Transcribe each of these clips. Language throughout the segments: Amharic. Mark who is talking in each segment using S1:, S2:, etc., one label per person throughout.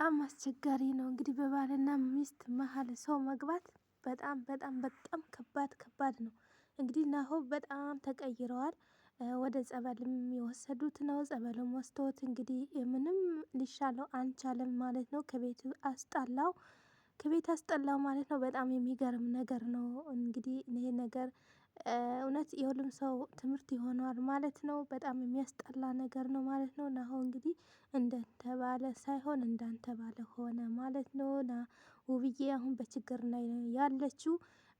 S1: በጣም አስቸጋሪ ነው። እንግዲህ በባልና ሚስት መሀል ሰው መግባት በጣም በጣም በጣም ከባድ ከባድ ነው። እንግዲህ ናሆ በጣም ተቀይረዋል። ወደ ጸበልም የወሰዱት ነው ጸበልም ወስዶት እንግዲህ ምንም ሊሻለው አልቻለም ማለት ነው። ከቤቱ አስጠላው ከቤት አስጠላው ማለት ነው። በጣም የሚገርም ነገር ነው። እንግዲህ ይሄ ነገር እውነት የሁሉም ሰው ትምህርት ይሆኗል ማለት ነው። በጣም የሚያስጠላ ነገር ነው ማለት ነው። ናሆም እንግዲህ እንደተባለ ሳይሆን እንዳንተባለ ሆነ ማለት ነው። ና ውብዬ አሁን በችግር ላይ ያለችው።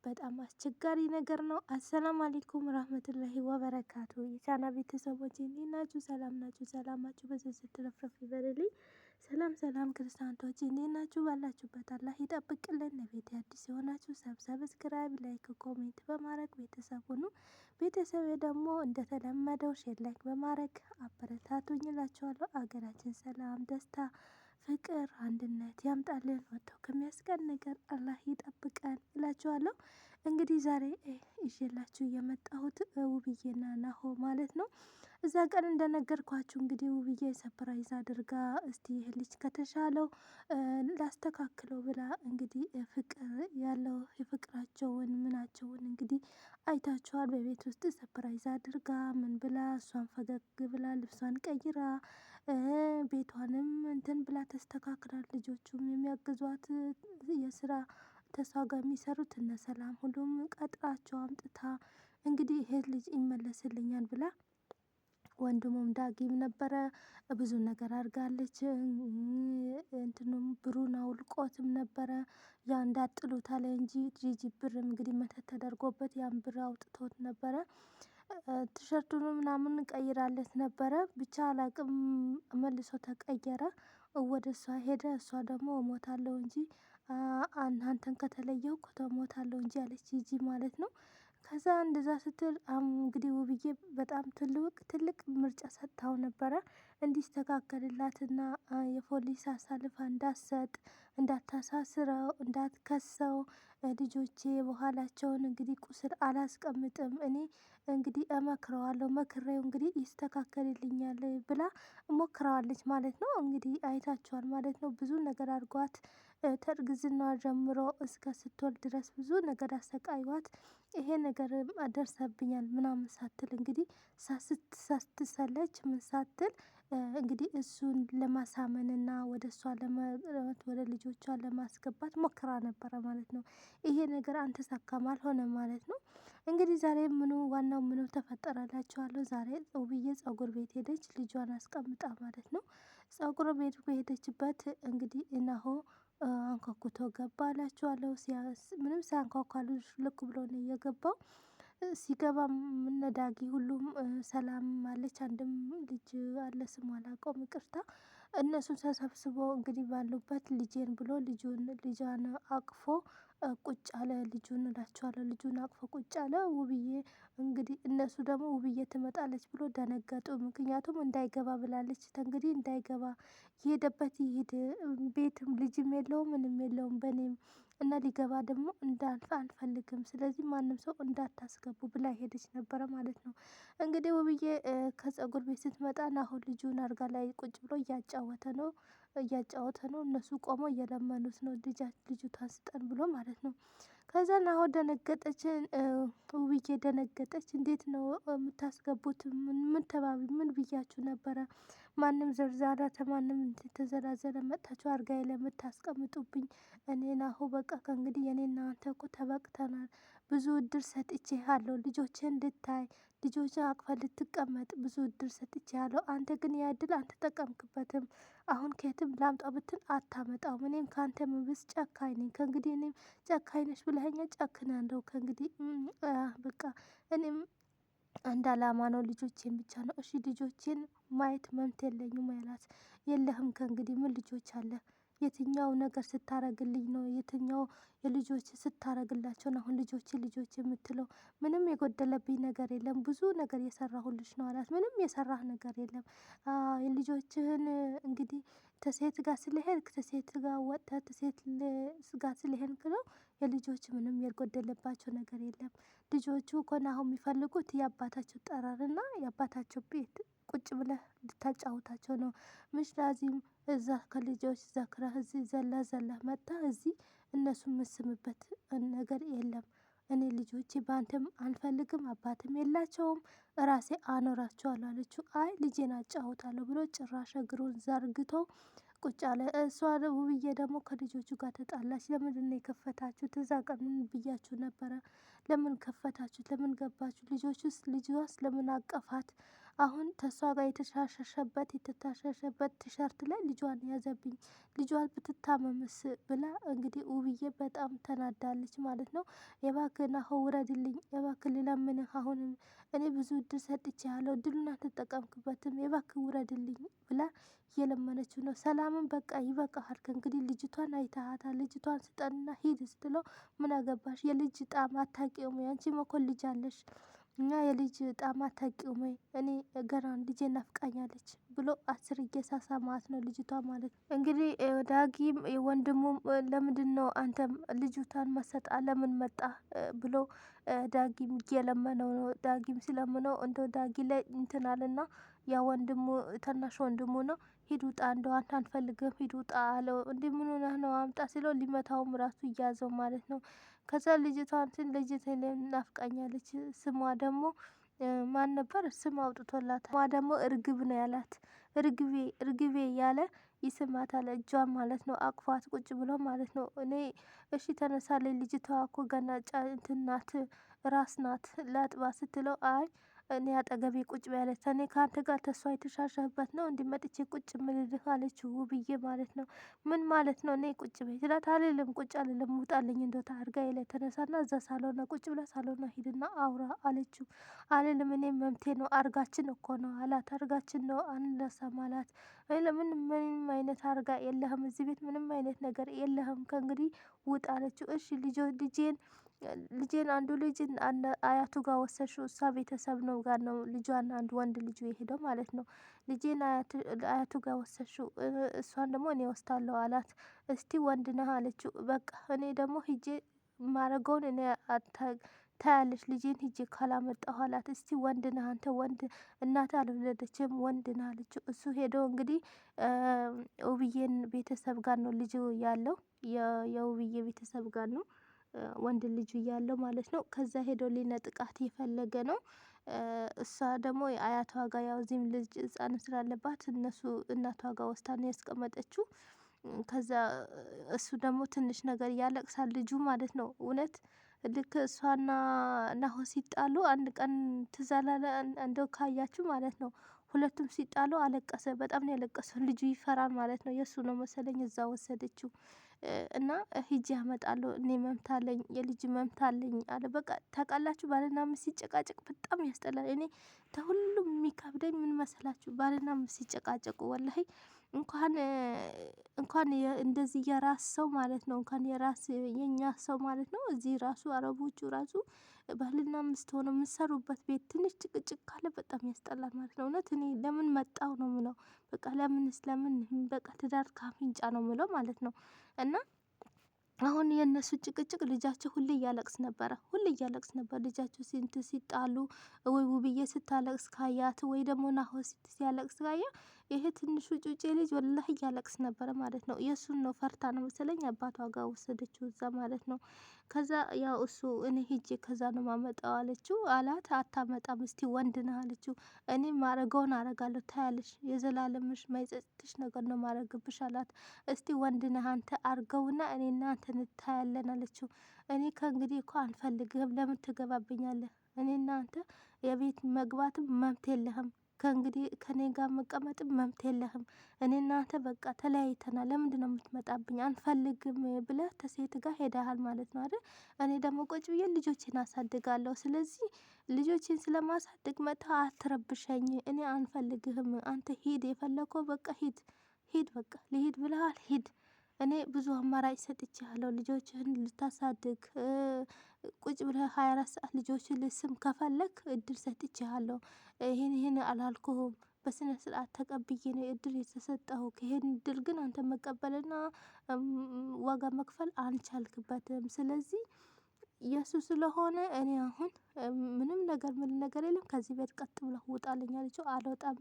S1: በጣም አስቸጋሪ ነገር ነው። አሰላም አሌይኩም ራህመቱላሂ ወበረካቱ የቻና ቤተሰቦች እንዴት ናችሁ? ሰላም ናችሁ? ሰላማችሁ በዚህ ስትረፍረፍ ይበልልኝ። ሰላም ሰላም ክርስቲያኖች እንዴት ናችሁ? ባላችሁበት አላህ ይጠብቅልን። ለቤት አዲስ የሆናችሁ ሰብስክራይብ፣ ላይክ፣ ኮሜንት በማድረግ ቤተሰብ ሁኑ። ቤተሰብ ደግሞ እንደተለመደው ሼር፣ ላይክ በማድረግ አበረታቱኝ እላችኋለሁ። አገራችን ሰላም፣ ደስታ፣ ፍቅር፣ አንድነት ያምጣልን። ወጥተው ከሚያስቀን ነገር አላህ ይጠብቀን እላችኋለሁ። እንግዲህ ዛሬ ይዤላችሁ የመጣሁት ውብዬና ናሆ ማለት ነው እዛ ቀን እንደነገርኳችሁ እንግዲህ ውብዬ ሰፕራይዝ አድርጋ እስቲ ይህ ልጅ ከተሻለው ላስተካክለው ብላ እንግዲህ ፍቅር ያለው የፍቅራቸውን ምናቸውን እንግዲህ አይታችኋል። በቤት ውስጥ ሰፕራይዝ አድርጋ ምን ብላ እሷን ፈገግ ብላ ልብሷን ቀይራ ቤቷንም እንትን ብላ ተስተካክላል። ልጆቹም የሚያግዟት የስራ ተሷ ጋር የሚሰሩት እነ ሰላም ሁሉም ቀጥራቸው አምጥታ እንግዲህ ይሄ ልጅ ይመለስልኛል ብላ ወንድሙም ዳጊም ነበረ ብዙ ነገር አድርጋለች። እንትኑም ብሩን አውልቆትም ነበረ ያ እንዳጥሉት አለ እንጂ ጂጂ ብር እንግዲህ መተት ተደርጎበት ያን ብር አውጥቶት ነበረ። ቲሸርቱን ምናምን ቀይራለት ነበረ ብቻ አላቅም መልሶ ተቀየረ። ወደ እሷ ሄደ እሷ ደግሞ እሞታለሁ እንጂ እናንተን ከተለየው እኮ እሞታለሁ እንጂ አለች ጂጂ ማለት ነው ከዛ እንደዛ ስትል እንግዲህ ውብዬ በጣም ትልቅ ትልቅ ምርጫ ሰጥታው ነበረ እንዲስተካከልላትና የፖሊስ አሳልፋ እንዳትሰጥ እንዳታሳስረው እንዳትከሰው ልጆቼ የበኋላቸውን እንግዲህ ቁስል አላስቀምጥም እኔ እንግዲህ እመክረዋለሁ መክሬው እንግዲህ ይስተካከልልኛል ብላ ሞክረዋለች ማለት ነው። እንግዲህ አይታችኋል ማለት ነው። ብዙ ነገር አድርጓት ከእርግዝና ጀምሮ እስከ ስትወልድ ድረስ ብዙ ነገር አሰቃይዋት ይሄ ነገር ደርሰብኛል ምናምን ሳትል እንግዲህ ሳትሰለች ምን ሳትል እንግዲህ እሱን ለማሳመንና ወደ እሷ ለመረት ወደ ልጆቿ ለማስገባት ሞክራ ነበረ ማለት ነው። ይሄ ነገር አልተሳካም አልሆነም ማለት ነው። እንግዲህ ዛሬ ምኑ ዋናው ምኑ ተፈጠረላችኋለሁ ዛሬ ውብዬ ፀጉር ቤት ሄደች ልጇን አስቀምጣ ማለት ነው። ጸጉር ቤት በሄደችበት እንግዲህ ናሆ አንኳኩቶ ገባ እላችኋለሁ። ምንም ሳያንኳኳ ልክ ብሎ ነው የገባው። ሲገባ እነ ዳጊ ሁሉም ሰላም አለች። አንድም ልጅ አለ ስሟን አላውቀውም ይቅርታ እነሱን ተሰብስቦ እንግዲህ ባሉበት ልጄን ብሎ ልጁን ልጇን አቅፎ ቁጭ አለ ልጁን እላችኋለሁ። ልጁን አቅፎ ቁጭ አለ ውብዬ እንግዲህ እነሱ ደግሞ ውብዬ ትመጣለች ብሎ ደነገጡ። ምክንያቱም እንዳይገባ ብላለች እንግዲህ እንዳይገባ የሄደበት ይሄድ፣ ቤትም ልጅም የለውም ምንም የለውም በእኔም እና ሊገባ ደግሞ እንዳልፈ አልፈልግም ስለዚህ ማንም ሰው እንዳታስገቡ ብላ ሄደች ነበረ ማለት ነው። እንግዲህ ውብዬ ከጸጉር ቤት ስትመጣ ናሆም ልጁን አልጋ ላይ ቁጭ ብሎ እያጫወተ ነው እያጫወተ ነው እነሱ ቆመው እየለመኑት ነው ልጁ ታስጠን ብሎ ማለት ነው። ከዛ ናሆም ደነገጠች ውብዬ ደነገጠች እንዴት ነው የምታስገቡት ምን ተባብለን ምን ብያችሁ ነበረ? ማንም ዘርዛራ ተማንም ተዘላዘለ መጥታችሁ አልጋዬ ለምታስቀምጡብኝ እኔ ናሁ በቃ ከእንግዲህ የኔ እናንተ እኮ ተበቅተናል። ብዙ ሰጥቼ ሰጥቼሃለሁ ልጆች እንድታይ ልጆች አቅፈ ልትቀመጥ ብዙ ሰጥቼ ሰጥቼሃለሁ። አንተ ግን ያ እድል አልተጠቀምክበትም። አሁን ከየትም ላምጣ ብትል አታመጣውም። እኔም ከአንተ ምብስ ጨካኝ ነኝ። ከእንግዲህ እኔም ጨካኝ ነሽ ብለኸኛል። ጨክናለሁ ከእንግዲህ በቃ እኔም አንድ አላማ ነው ልጆቼን ብቻ ነው። እሺ ልጆቼን ማየት መብት የለኝም አላት። የለህም ከእንግዲህ ምን ልጆች አለህ? የትኛው ነገር ስታረግልኝ ነው የትኛው የልጆች ስታረግላቸው ነው አሁን ልጆች ልጆች የምትለው? ምንም የጎደለብኝ ነገር የለም ብዙ ነገር የሰራሁልሽ ነው አላት። ምንም የሰራህ ነገር የለም። ልጆችህን እንግዲህ ተሴት ጋር ስለሄድክ ተሴት ጋር ወጥተህ ተሴት ጋር ስለሄድክ ነው የልጆች ምንም የጎደለባቸው ነገር የለም። ልጆቹ አሁን የሚፈልጉት የአባታቸው ጠረንና የአባታቸው ቤት ቁጭ ብለህ እንድታጫውታቸው ነው። ምሽ እዛ ከልጆች ዘክረ እዚህ ዘለህ ዘለህ መጥተህ እዚህ እነሱ የምስምበት ነገር የለም። እኔ ልጆቼ በአንተም አልፈልግም አባትም የላቸውም ራሴ አኖራቸዋለሁ አለችው። አይ ልጄን አጫውታለሁ ብሎ ጭራሽ እግሩን ዘርግቶ ቁጭ አለ። እሷ ውብዬ ደግሞ ከልጆቹ ጋር ተጣላች። ለምንድን ነው የከፈታችሁት? ትዛ ቀን ብያችሁ ነበረ? ለምን ከፈታችሁ ለምን ገባችሁ? ልጆቹስ ልጅዋስ ለምን አቀፋት? አሁን ተሷ ጋር የተሻሸሸበት የተታሸሸበት ቲሸርት ላይ ልጇን ያዘብኝ ልጇን ብትታመምስ ብላ እንግዲህ ውብዬ በጣም ተናዳለች ማለት ነው። የባክህን አሁን ውረድልኝ፣ የባክህ ልለምንህ፣ አሁን እኔ ብዙ እድል ያለው እድሉን አልተጠቀምክበትም፣ የባክህ ውረድልኝ ብላ እየለመነችው ነው። ሰላምን በቃ ይበቃሃል፣ ከእንግዲህ ልጅቷን አይተሃታ፣ ልጅቷን ስጠንና ሂድ ስትለው ምን አገባሽ፣ የልጅ ጣም አታውቂውም፣ ያንቺ መኮን ልጅ አለሽ እኛ የልጅ ጣማ አታውቂውም ወይ እኔ ገና ልጄ ናፍቃኛለች ብሎ አስር እየሳሳ ማለት ነው ልጅቷ ማለት ነው። እንግዲህ ዳጊም ወንድሙም ለምንድን ነው አንተም ልጅቷን መሰጣ ለምን መጣ ብሎ ዳጊም እየለመነው ነው። ዳጊም ሲለምነው እንደ ዳጊ ላይ እንትን አለና ያ ወንድሙ ተናሽ ወንድሙ ነው ሂድ ውጣ እንደው አንተ አንፈልግም ሂድ ውጣ አለው። እንዲህ ምን ሆነህ ነው አምጣ ሲለው ሊመታውም ራሱ እያዘው ማለት ነው። ከዛ ልጅቷ እንትን ልጅት ናፍቃኛለች ስሟ ደግሞ ማን ነበር ስም አውጥቶላታል። ስሟ ደግሞ እርግብ ነው ያላት። እርግቤ እርግቤ እያለ ይስማታል። እጇን ማለት ነው አቅፏት ቁጭ ብሎ ማለት ነው። እኔ እሺ ተነሳለኝ ልጅቷ እኮ ገና ጫ እንትን ናት ራስ ናት ላጥባ ስትለው አይ እኔ አጠገቤ ቁጭ በያለች እኔ ከአንተ ጋር ተስፋ የተሻሻህበት ነው እንዲመጥቼ ቁጭ ምልልህ አለች ውብዬ ማለት ነው። ምን ማለት ነው? እኔ ቁጭ በይ ትላት። አልልም ቁጭ አልልም ውጣልኝ እንደታ አልጋዬ ላይ ተነሳና እዛ ሳሎና ቁጭ ብላ ሳሎና ሂድና አውራ አለችው። አልልም እኔ መምቴ ነው አርጋችን እኮ ነው አላት። አርጋችን ነው አንነሳም አላት። ለምን ምንም አይነት አርጋ የለህም እዚህ ቤት ምንም አይነት ነገር የለህም ከእንግዲህ ውጣ አለችው። እሺ ልጅ ልጄን ልጄን አንዱ ልጅ አያቱ ጋር ወሰድሽው እሷ ቤተሰብ ነው ጋር ነው ልጇን አንድ ወንድ ልጁ የሄደው ማለት ነው። ልጄን አያቱ ጋር ወሰድሽው እሷን ደግሞ እኔ ወስዳለሁ አላት። እስቲ ወንድ ነህ አለችው። በቃ እኔ ደግሞ ሂጄ ማረገውን እኔ ታያለች ልጄን ሂጄ ካላመጣሁ አላት። እስቲ ወንድ ነህ አንተ ወንድ እናት አልወለደችም ወንድ ነህ አለችው። እሱ ሄደው እንግዲህ ውብዬን ቤተሰብ ጋር ነው ልጅ ያለው የውብዬ ቤተሰብ ጋር ነው ወንድ ልጁ እያለው ማለት ነው። ከዛ ሄዶ ሊነጥቃት የፈለገ ነው። እሷ ደግሞ የአያቷ ጋ ያው እዚህም ልጅ ህፃን ስላለባት እነሱ እናቷ ጋ ወስታ ነው ያስቀመጠችው። ከዛ እሱ ደግሞ ትንሽ ነገር ያለቅሳል ልጁ ማለት ነው። እውነት ልክ እሷና ናሆ ሲጣሉ አንድ ቀን ትዛላለ እንደው ካያችሁ ማለት ነው ሁለቱም ሲጣሉ አለቀሰ። በጣም ነው ያለቀሰው። ልጁ ይፈራል ማለት ነው። የእሱ ነው መሰለኝ እዛ ወሰደችው እና ሂጂ ያመጣለሁ እኔ መምታለኝ የልጅ መምታለኝ አለ። በቃ ታውቃላችሁ፣ ባልና ሚስት ሲጨቃጨቅ በጣም ያስጠላል። እኔ ተሁሉም የሚከብደኝ ምን መሰላችሁ? ባልና ሚስት ሲጨቃጨቁ ወላሂ እንኳን እንኳን እንደዚህ የራስ ሰው ማለት ነው እንኳን የራስ የኛ ሰው ማለት ነው እዚህ ራሱ አረቦቹ ራሱ ባልና ሚስት ሆነው የምሰሩበት ቤት ትንሽ ጭቅጭቅ ካለ በጣም ያስጠላል ማለት ነው። እውነት እኔ ለምን መጣው ነው ምለው። በቃ ለምንስ ለምን በቃ ትዳር ካፍንጫ ነው ምለው ማለት ነው። እና አሁን የእነሱ ጭቅጭቅ ልጃቸው ሁሌ እያለቅስ ነበረ ሁሌ እያለቅስ ነበር ልጃቸው ሲንት ሲጣሉ ወይ ውብዬ ስታለቅስ ካያት ወይ ደግሞ ናሆ ሲያለቅስ ካያ ይሄ ትንሹ ጩጬ ልጅ ወላህ እያለቅስ ነበረ ማለት ነው። የእሱን ነው ፈርታ ነው መሰለኝ አባቷ ጋር ወሰደችው እዛ ማለት ነው። ከዛ ያው እሱ እኔ ሂጄ ከዛ ነው ማመጣው አለችው። አላት አታመጣም፣ እስቲ ወንድ ነህ አለችው። እኔ ማረገውን አረጋለሁ ታያለሽ፣ የዘላለምሽ ማይጸጽትሽ ነገር ነው ማረግብሽ አላት። እስቲ ወንድ ነህ አንተ አርገውና እኔ እናንተ እንታያለን አለችው። እኔ ከእንግዲህ እኮ አንፈልግህም፣ ለምን ትገባብኛለህ? እኔ እናንተ የቤት መግባትም መብት የለህም ከእንግዲህ ከኔ ጋር መቀመጥ መብት የለህም። እኔ እናንተ በቃ ተለያይተና ለምንድን ነው የምትመጣብኝ? አንፈልግም ብለህ ተሴት ጋር ሄደሃል ማለት ነው አይደል? እኔ ደግሞ ቆጭ ብዬ ልጆችን አሳድጋለሁ። ስለዚህ ልጆችን ስለማሳድግ መታ አትረብሸኝ። እኔ አንፈልግህም። አንተ ሂድ፣ የፈለከው በቃ ሂድ ሂድ፣ በቃ ልሂድ ብለሃል ሂድ እኔ ብዙ አማራጭ ሰጥቻለሁ። ልጆችህን ልታሳድግ ቁጭ ብለህ ሀያ አራት ሰዓት ልጆችን ልስም ከፈለግ እድል ሰጥቻለሁ። ይህን ይህን አላልኩህም በስነ ስርዓት ተቀብዬ ነው እድል የተሰጠሁህ። ይህን እድል ግን አንተ መቀበልና ዋጋ መክፈል አልቻልክበትም። ስለዚህ የእሱ ስለሆነ እኔ አሁን ምንም ነገር ምን ነገር የለም ከዚህ ቤት ቀጥ ብለህ ውጣልኝ አለችው አልወጣም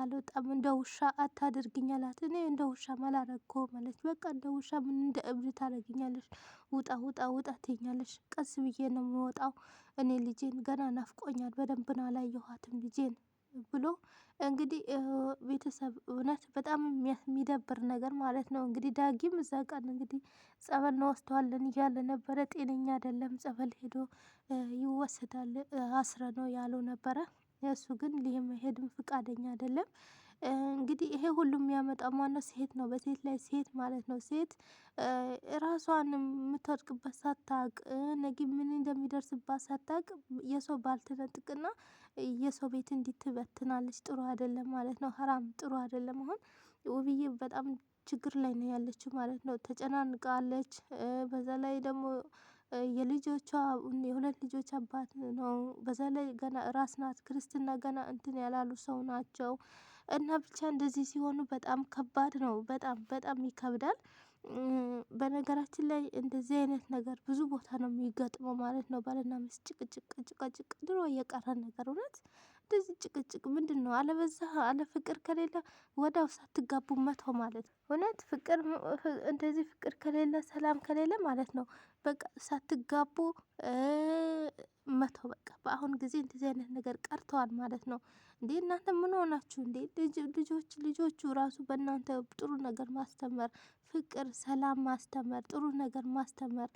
S1: አልወጣም እንደ ውሻ አታደርግኝ አላት። እኔ እንደ ውሻ አላረግኩም ማለች። በቃ እንደ ውሻ ምን እንደ እብድ ታረግኛለሽ? ውጣ ውጣ ውጣ ትኛለች። ቀስ ብዬ ነው የምወጣው። እኔ ልጄን ገና ናፍቆኛል። በደንብ ነው አላየኋትም ልጄን ብሎ እንግዲህ ቤተሰብ እውነት በጣም የሚደብር ነገር ማለት ነው። እንግዲህ ዳጊም እዛ ቀን እንግዲህ ጸበል እንወስደዋለን እያለ ነበረ። ጤነኛ አይደለም ጸበል ሄዶ ይወሰዳል አስረ ነው ያለው ነበረ። እሱ ግን ሊመሄድም ፍቃደኛ አይደለም። እንግዲህ ይሄ ሁሉም የሚያመጣው ማነው? ሴት ነው። በሴት ላይ ሴት ማለት ነው። ሴት ራሷን የምትወድቅበት ሳታቅ ነገ ምን እንደሚደርስባት ሳታቅ የሰው ባልትነጥቅና የሰው ቤት እንዲትበትናለች ጥሩ አይደለም ማለት ነው። ሀራም ጥሩ አይደለም። አሁን ውብዬ በጣም ችግር ላይ ነው ያለችው ማለት ነው። ተጨናንቃለች። በዛ ላይ ደግሞ የልጆቿ የሁለት ልጆች አባት ነው። በዛ ላይ ገና ራስ ናት ክርስትና ገና እንትን ያላሉ ሰው ናቸው። እና ብቻ እንደዚህ ሲሆኑ በጣም ከባድ ነው በጣም በጣም ይከብዳል። በነገራችን ላይ እንደዚህ አይነት ነገር ብዙ ቦታ ነው የሚገጥመው ማለት ነው። ባልና ሚስት ጭቅጭቅ ጭቃጭቅ ድሮ የቀረ ነገር እውነት እንደዚህ ጭቅጭቅ ምንድን ነው? አለበዛ አለ ፍቅር ከሌለ ወዳው ሳትጋቡ መተው ማለት ነው። እውነት ፍቅር እንደዚህ ፍቅር ከሌለ ሰላም ከሌለ ማለት ነው በቃ ሳትጋቡ መተው በቃ በአሁን ጊዜ እንደዚህ አይነት ነገር ቀርተዋል ማለት ነው። እንዴ እናንተ ምን ሆናችሁ እንዴ? ልጆች ልጆቹ ራሱ በእናንተ ጥሩ ነገር ማስተማር ፍቅር፣ ሰላም ማስተማር ጥሩ ነገር ማስተማር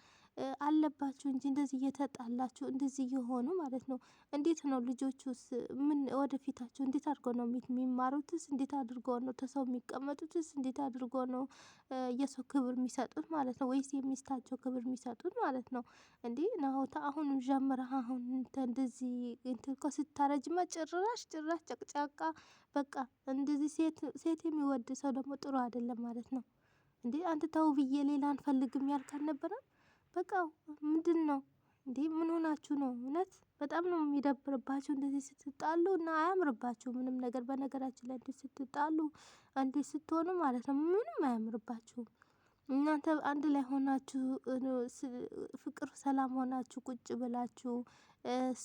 S1: አለባችሁ እንጂ እንደዚህ እየተጣላችሁ እንደዚህ እየሆኑ ማለት ነው። እንዴት ነው ልጆቹስ? ምን ወደፊታቸው እንዴት አድርጎ ነው የሚማሩትስ? እንዴት አድርጎ ነው ተሰው የሚቀመጡትስ? እንዴት አድርጎ ነው የሰው ክብር የሚሰጡት ማለት ነው? ወይስ የሚስታቸው ክብር የሚሰጡት ማለት ነው? እንዴ ናሁታ አሁን ጀምረህ አሁን እንደዚህ እንትን እኮ ስታረጅማ ጭራሽ ጭራሽ ጨቅጫቃ በቃ እንደዚህ ሴት ሴት የሚወድ ሰው ደግሞ ጥሩ አይደለም ማለት ነው። እንዴ አንተ ተው ብዬ ሌላ አንፈልግም ያልክ አልነበረም? በቃ ምንድን ነው እንዴ? ምን ሆናችሁ ነው? እውነት በጣም ነው የሚደብርባችሁ እንደዚህ ስትጣሉ እና አያምርባችሁ ምንም ነገር። በነገራችን ላይ እንዲህ ስትጣሉ እንዲህ ስትሆኑ ማለት ነው ምንም አያምርባችሁም። እናንተ አንድ ላይ ሆናችሁ ፍቅር ሰላም ሆናችሁ ቁጭ ብላችሁ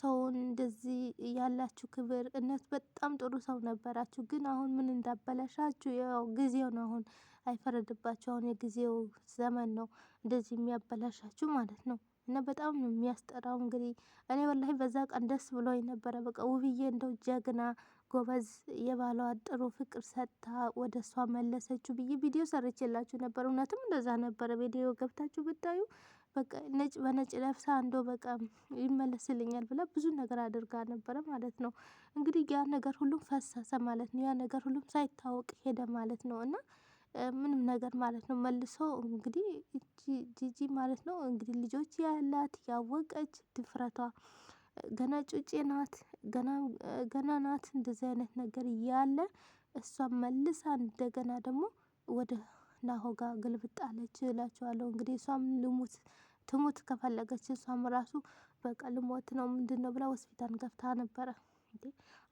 S1: ሰውን እንደዚህ ያላችሁ ክብር እነት በጣም ጥሩ ሰው ነበራችሁ። ግን አሁን ምን እንዳበላሻችሁ ያው ጊዜው ነው አሁን አይፈረድባቸው። አሁን የጊዜው ዘመን ነው እንደዚህ የሚያበላሻችሁ ማለት ነው። እና በጣም ነው የሚያስጠራው። እንግዲህ እኔ ወላሂ በዛ ቀን ደስ ብሎኝ ነበረ። በቃ ውብዬ እንደው ጀግና ጎበዝ የባለዋ ጥሩ ፍቅር ሰጥታ ወደ እሷ መለሰችው ብዬ ቪዲዮ ሰርቼላችሁ ነበር። እውነትም እንደዛ ነበረ። ቪዲዮ ገብታችሁ ብታዩ በቃ ነጭ በነጭ ለብሳ አንዶ በቃ ይመለስልኛል ብላ ብዙ ነገር አድርጋ ነበረ ማለት ነው። እንግዲህ ያ ነገር ሁሉም ፈሰሰ ማለት ነው። ያ ነገር ሁሉም ሳይታወቅ ሄደ ማለት ነው እና ምንም ነገር ማለት ነው። መልሶ እንግዲህ ጂጂ ማለት ነው እንግዲህ ልጆች ያላት ያወቀች ድፍረቷ ገና ጩጬ ናት ገና ናት እንደዚህ አይነት ነገር እያለ እሷም መልሳ እንደገና ደግሞ ወደ ናሆጋ ግልብጥ አለች እላችኋለሁ። እንግዲህ እሷም ልሙት ትሙት ከፈለገች እሷም ራሱ በቃ ልሞት ነው ምንድነው ብላ ሆስፒታል ገብታ ነበረ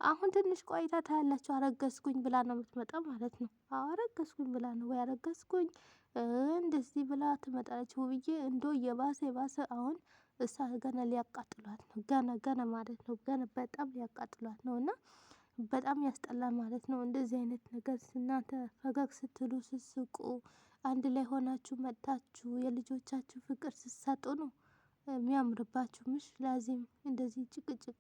S1: አሁን ትንሽ ቆይታ ታያላችሁ። አረገዝኩኝ ብላ ነው የምትመጣው ማለት ነው። አረገዝኩኝ ብላ ነው ወይ አረገዝኩኝ እንደዚህ ብላ ትመጣለች። ውብዬ እንዶ የባሰ የባሰ አሁን እሳ ገና ሊያቃጥሏት ነው። ገና ገና ማለት ነው። ገና በጣም ሊያቃጥሏት ነው እና በጣም ያስጠላ ማለት ነው። እንደዚህ አይነት ነገር እናንተ ፈገግ ስትሉ ስስቁ፣ አንድ ላይ ሆናችሁ መጥታችሁ የልጆቻችሁ ፍቅር ስሰጡ ነው የሚያምርባችሁ። ምሽ ላዚም እንደዚህ ጭቅጭቅ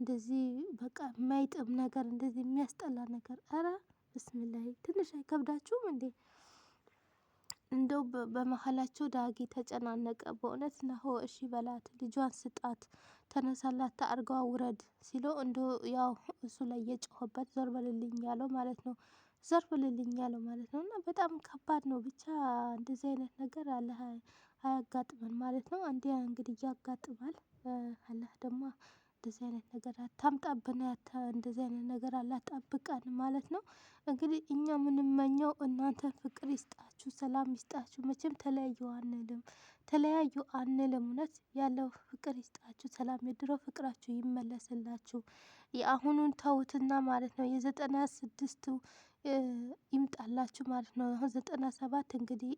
S1: እንደዚህ በቃ የማይጥም ነገር እንደዚህ የሚያስጠላ ነገር አረ ብስሚላሂ ትንሽ አይከብዳችሁም እንዴ? እንደው በመሀላቸው ዳጊ ተጨናነቀ። በእውነት ናሆ እሺ በላት ልጇን ስጣት ተነሳላት ተአርገዋ ውረድ ሲለው እንደ ያው እሱ ላይ የጮኸበት ዞር በልልኝ ያለው ማለት ነው። ዞር በልልኝ ያለው ማለት ነው። እና በጣም ከባድ ነው። ብቻ እንደዚህ አይነት ነገር አለ አያጋጥመን ማለት ነው። አንዴ እንግዲህ ያጋጥማል። አላህ ደግሞ እንደዚህ አይነት ነገር አታምጣብን፣ እንደዚህ አይነት ነገር አላጣብቀን ማለት ነው። እንግዲህ እኛ የምንመኘው እናንተ ፍቅር ይስጣችሁ፣ ሰላም ይስጣችሁ። መቼም ተለያዩ አንልም፣ ተለያዩ አንልም። እውነት ያለው ፍቅር ይስጣችሁ፣ ሰላም፣ የድሮ ፍቅራችሁ ይመለስላችሁ። የአሁኑን ተውትና ማለት ነው የዘጠና ስድስቱ ይምጣላችሁ ማለት ነው። አሁን ዘጠና ሰባት እንግዲህ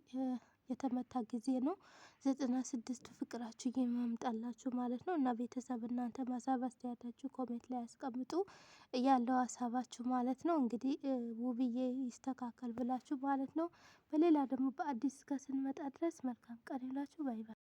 S1: የተመታ ጊዜ ነው። ዘጠና ስድስቱ ፍቅራችሁ የማምጣላችሁ ማለት ነው እና ቤተሰብ እናንተ ሀሳብ አስተያየታችሁ ኮሜንት ላይ ያስቀምጡ ያለው ሀሳባችሁ ማለት ነው። እንግዲህ ውብዬ ይስተካከል ብላችሁ ማለት ነው። በሌላ ደግሞ በአዲስ እስከ ስንመጣ ድረስ መልካም ቀን ይላችሁ ባይባል